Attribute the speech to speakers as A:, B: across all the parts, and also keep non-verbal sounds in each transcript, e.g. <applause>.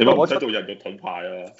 A: 你話我使做 <laughs>
B: 人肉盾牌啊！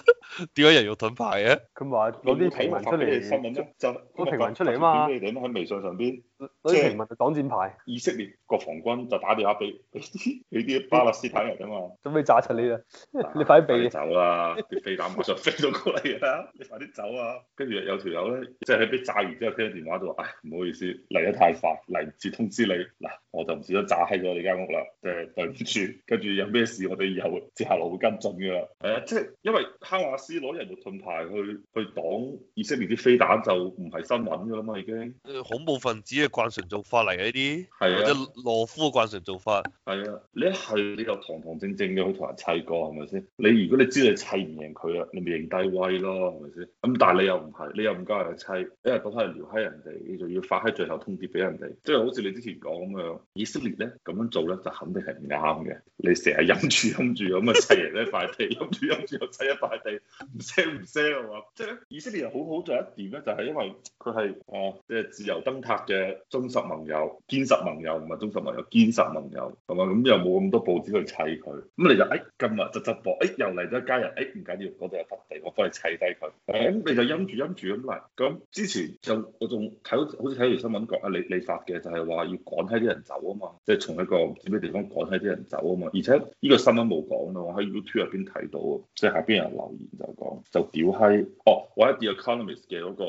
B: 點解人肉盾牌啊？佢話攞啲評文出嚟新聞，就攞評文出嚟啊嘛！點解你哋喺微信上邊。攞啲平民嚟擋箭牌，以色列國防軍就打電話俾啲，啲巴勒斯坦人啊嘛，準備炸親你， <laughs> 啊，你啊！你快啲避走啦！啲飛彈馬上飛咗過嚟啊！你快啲走啊！跟住有條友咧，即係俾炸完之後聽電話就話，唉、哎，唔好意思，嚟得太快，嚟唔切通知你。嗱，我就唔小心炸喺咗、就是、我哋間屋啦，即係對唔住。跟住有咩事，我哋以後會接下來會跟進噶啦。誒、啊，即、就、係、是、因為哈馬斯攞人肉盾牌去去擋以色列啲飛彈，就唔係新聞噶啦嘛，已經恐怖分子慣常做法嚟嘅呢啲，即係懦夫嘅慣常做法，係啊，你一係你又堂堂正正嘅去同人砌過，係咪先？你如果你知你砌唔贏佢啊，你咪認低威咯，係咪先？咁但係你又唔係，你又唔加人砌，你又當翻人撩閪人哋，你仲要發喺最後通牒俾人哋，即係好似你之前講咁樣，以色列咧咁樣做咧就肯定係唔啱嘅。你成日陰住陰住咁啊砌人一塊地，陰住陰住又砌一塊地，唔聲唔聲係嘛？即係以色列又好好就一點咧，就係因為佢係啊，即係自由燈塔嘅。忠實盟友、堅實盟友，唔係忠實盟友，堅實盟友係嘛？咁又冇咁多報紙去砌佢，咁你就誒今日就執火，誒又嚟咗一家人，誒唔緊要，嗰度有笪地，我幫你砌低佢。咁你就陰住陰住咁嚟。咁之前就我仲睇到，好似睇到條新聞講啊，你你發嘅就係話要趕喺啲人走啊嘛，即係從一個唔知咩地方趕喺啲人走啊嘛。而且呢個新聞冇講到，我喺 YouTube 入邊睇到，即係下邊有人留言就講就屌閪，哦，我喺 The Economist 嘅嗰個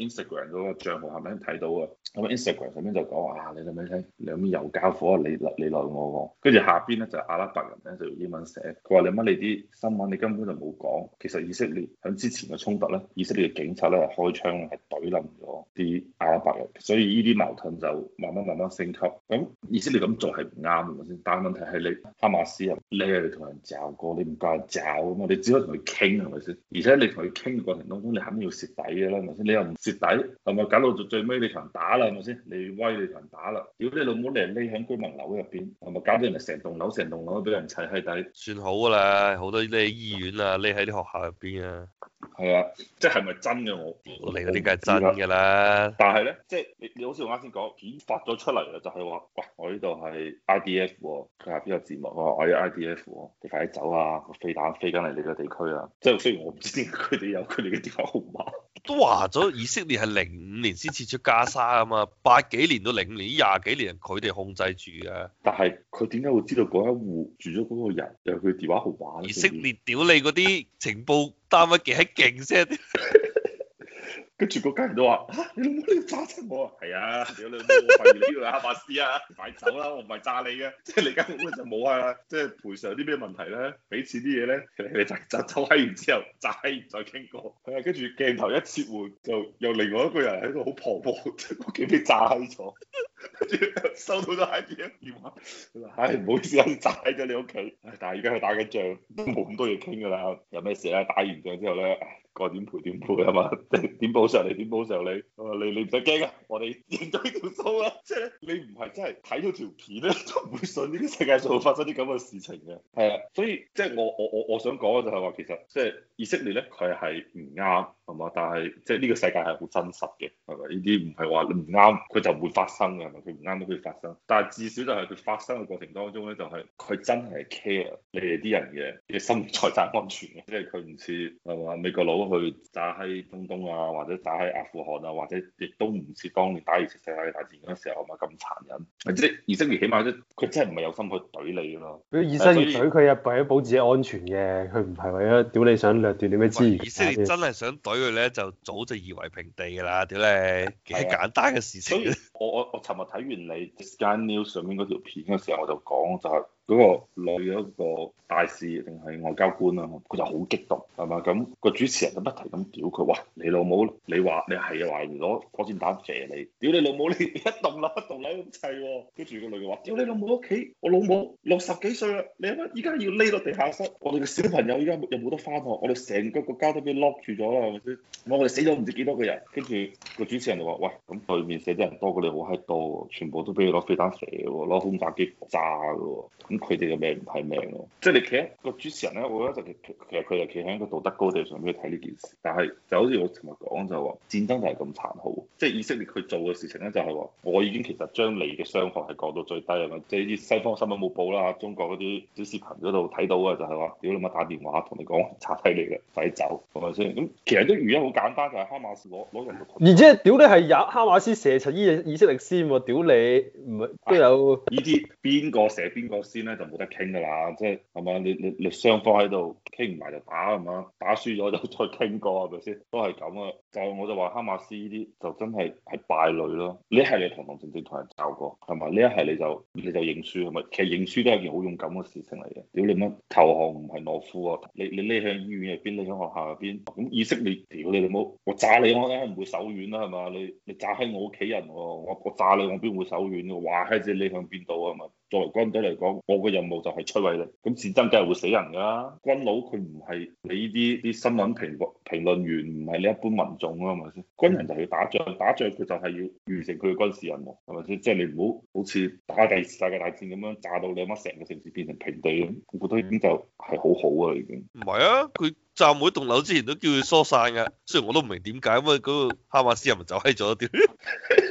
B: Instagram 嗰個賬號下面睇到啊。Instagram 上邊就講啊，你聽唔聽？兩邊又交火，你你鬧、啊、我喎、啊。跟住下邊咧就是、阿拉伯人咧就用英文寫，佢話你乜？你啲新聞你根本就冇講。其實以色列響之前嘅衝突咧，以色列嘅警察咧係開槍係懟冧咗啲阿拉伯人，所以呢啲矛盾就慢慢慢慢升級。咁以色列咁做係唔啱，係咪先？但係問題係你哈馬斯咧，你同人詏過，你唔夠人詏啊嘛，你只可以同佢傾，係咪先？而且你同佢傾嘅過程當中，你肯定要蝕底嘅啦，係咪先？你又唔蝕底，係咪搞到最尾你同人打啦？係咪先？你威你群打啦！屌你老母，你係匿響居民樓入邊，係咪搞到人哋成棟樓、成棟樓都俾人砌喺底？算好噶啦，好多啲醫院啊，匿喺啲學校入邊啊。係啊，即係咪真嘅我唔知？你嗰啲梗係真噶啦。但係咧，即係你你好似我啱先講，片發咗出嚟啊，就係話，喂我呢度係 IDF，佢下面有字幕？我我有 IDF，你快啲走啊！個飛彈飛緊嚟你個地區啊！即係雖然我唔知點解佢哋有佢哋嘅電話號碼。都話咗以色列係零五年先撤出加沙啊嘛，八幾年到零五年呢廿幾年佢哋控制住嘅。但係佢點解會知道嗰一戶住咗嗰個人有佢、就係、電話號碼？以色列屌你嗰啲情報單位幾閪勁先？ <laughs> 跟住嗰家人都話：嚇、啊、你老母你要炸親我啊！係啊，屌你老母，廢料啲老哈馬斯啊！快走啦，我唔係炸你嘅，即係你家母就冇啊，即係賠償啲咩問題咧？俾錢啲嘢咧，你就就走閪完之後，炸，完再傾過。係啊，跟住鏡頭一切換，就用另外一個人喺度好婆婆，即係我幾被炸閪咗。跟 <laughs> 住收到咗阿傑一電話，唉、哎，唔好意思，啊，你踩咗你屋企。但係而家佢打緊仗，都冇咁多嘢傾㗎啦。有咩事咧？打完仗之後咧，該、哎、點賠點賠啊嘛？點補償、哎、你？點補償你？我話你你唔使驚啊，我哋認咗呢條數啊。即、就、係、是、你唔係真係睇到條片咧，都唔會信呢啲世界上會發生啲咁嘅事情嘅。係、嗯、啊， <laughs> 所以即係我我我我想講嘅就係話，其實即係以色列咧，佢係唔啱。係嘛？但係即係呢個世界係好真實嘅，係咪？呢啲唔係話你唔啱，佢就會發生嘅，係咪？佢唔啱都會發生。但係至少就係佢發生嘅過程當中咧，就係、是、佢真係 care 你哋啲人嘅嘅生活財產安全嘅，即係佢唔似係嘛美國佬去炸喺中東啊，或者炸喺阿富汗啊，或者亦都唔似當年打二次世界嘅大戰嗰時候啊咁殘忍。即係以色列，起碼佢、就是、真係唔係有心去懟你咯。以色列懟佢係為咗保持自己安全嘅，佢唔係為咗屌你想掠奪啲咩資源。真係想懟。所以咧就早就夷為平地㗎啦，屌你！幾簡單嘅事情。所以我我我尋日睇完你 Sky News 上面嗰條片嘅時候，我就講咗。嗰個女嗰個大使定係外交官啊，佢就好激動係嘛？咁個主持人就不停咁屌佢，喂你老母，你話你係啊懷疑攞火箭彈射你。屌你老母，你一棟樓一棟樓咁砌喎，跟住個女嘅話，屌你老母屋企，我老母六十幾歲啦，你點解依家要匿落地下室？我哋嘅小朋友依家又冇得翻學，我哋成個國家都俾 lock 住咗啦，係咪先？我哋死咗唔知幾多個人，跟住個主持人就話，喂咁對面死啲人多過你好閪多喎，全部都俾佢攞飛彈射喎，攞轟炸機炸噶喎，咁、嗯。佢哋嘅命唔睇命咯，即係你企喺個主持人咧，我覺得就其其實佢就企喺一個道德高地上面去睇呢件事，但係就好似我琴日講就話戰爭就係咁殘酷，即係以色列佢做嘅事情咧就係話，我已經其實將你嘅傷害係降到最低啊嘛，即係啲西方新聞冇報啦，中國嗰啲小視頻嗰度睇到嘅就係話，屌你媽打電話同你講拆低你嘅快走，係咪先？咁其實啲原因好簡單，就係哈馬斯攞攞人，而且屌你係由哈馬斯射陳依以色列先，屌你唔係都有呢啲邊個射邊個先就冇得傾噶啦，即係係咪啊？你你你雙方喺度傾唔埋就打，係咪啊？打輸咗就再傾過，係咪先？都係咁啊！就我就話哈馬斯呢啲就真係係敗類咯。呢係你堂堂正正同人鬥過，係咪啊？呢一係你就你就認輸，係咪？其實認輸都係件好勇敢嘅事情嚟嘅。屌你乜投降唔係懦夫啊！你你匿向醫院入邊，匿喺學校入邊，咁意識你屌你你冇我炸你，我梗係唔會手軟啦，係咪啊？你你炸喺我屋企人喎、啊，我我炸你，我邊會，會手軟？哇閪！即係你向邊度啊？係咪？作為軍隊嚟講，我嘅任務就係出位啦。咁戰爭梗係會死人噶、啊。軍佬佢唔係你呢啲啲新聞評評論員，唔係你一般民眾咯，係咪先？軍人就係要打仗，打仗佢就係要完成佢嘅軍事任務，係咪先？即係你唔好好似打第二次世界大，大戰咁樣炸到你阿媽成個城市變成平地咁。我覺得已經就係好好啊，已經。唔係啊，佢炸每棟樓之前都叫佢疏散嘅。雖然我都唔明點解，咁啊嗰個哈馬斯又唔走喺咗啲。 <laughs>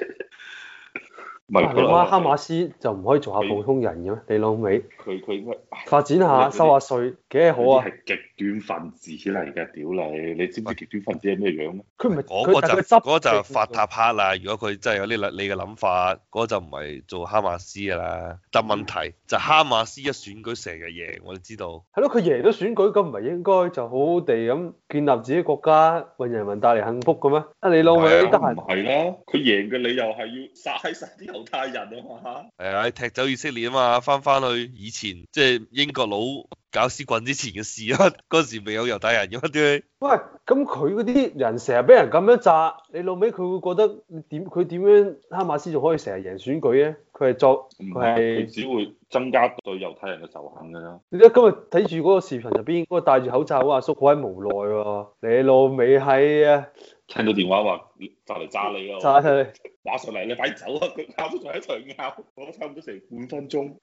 B: 唔話、啊、哈馬斯就唔可以做下普通人嘅咩？你他老味，佢佢應該發展下、啊、收下稅幾好啊？係極端分子嚟㗎，屌你！你知唔知極端分子係咩樣？佢唔係，佢但係嗰就係法塔克啦。如果佢真係有啲諗你嘅諗法，嗰就唔係做哈馬斯㗎啦。但問題就哈馬斯一選舉成日贏，我哋知道。係咯，佢贏咗選舉咁唔係應該就好好地咁建立自己國家，為人民帶嚟幸福嘅咩？啊，你老味，但係唔係啦，佢贏嘅理由係要殺死啲猶太人啊嘛，係啊、哎、踢走以色列啊嘛，翻翻去以前即係英國佬搞屎棍之前嘅事啊，嗰時未有猶太人嘅、啊。對喂，咁佢嗰啲人成日俾人咁樣炸，你老尾佢會覺得點？佢點樣哈馬斯仲可以成日贏選舉咧？佢係作唔係？佢是是只會增加對猶太人嘅仇恨嘅啫。你今日睇住嗰個視頻入邊嗰個戴住口罩啊，叔好鬼無奈啊！你老尾係啊？聽到電話話就嚟炸你咯，話 <laughs> 上嚟你快走啊！佢拗都仲喺度拗，我差唔多成五分鐘。